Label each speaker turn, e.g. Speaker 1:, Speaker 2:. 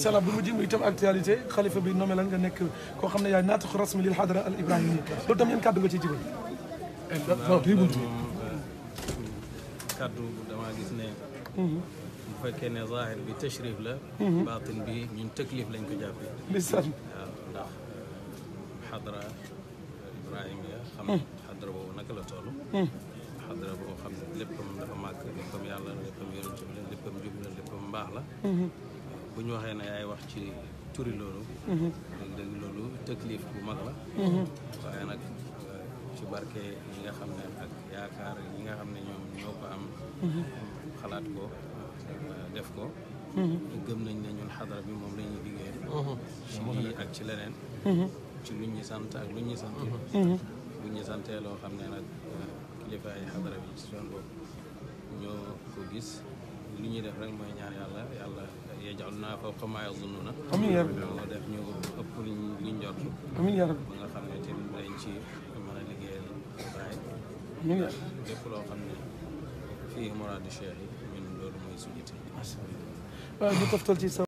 Speaker 1: salaam bu mujj muy itam actualité xalifa bi nommé la nga nekk koo xam ne yaay naatiqu rasmi lil xadara al ibrahimi loolu tam yan kàddu nga ciy jibal non bii bunt kàddu damaa gis ne mhm. bu fekkee ne zahir bi tashrif la mhm. baatin bi ñun tëklif lañ ko jàppee lisaan waaw ndax euh, xadara ibrahima ya xam mhm. xadara boobu naka la toll xadara boo xam ne léppam dafa màgg léppam yàlla léppam yonent bi la léppam jub la léppam mbaax la bu ñu waxee na yaay wax ci turi loolu mhm. dëgg dëgg loolu tëkliif bu mag la mhm. waaye nag euh, ci barke ñi nga xam ne ak yaakaar ñi nga xam ne ñoom ñoo ko am mhm. xalaat ko euh, def ko gëm nañ ne ñun xadara bi moom lañuy ñuy liggéey ci ak ci leneen ci luñ ñu sant ak luñ ñu sant buñ loo xam ne nag euh, kilifa xadara bi ci seen bopp ñoo ko gis li ñuy def rek mooy ñaan yàlla naa fawqa maa yazunnuuna. amiin yaa rabbi moo def ñu ëpp luñ luñ jot. amiin yaa rabbi ba nga xam ne tamit dañ ci mën a liggéeyal baay. amiin yaa rabbi lépp loo xam ne fii muraadu Cheikh yi ñun loolu mooy suñu itte. waaw ñu toftal ci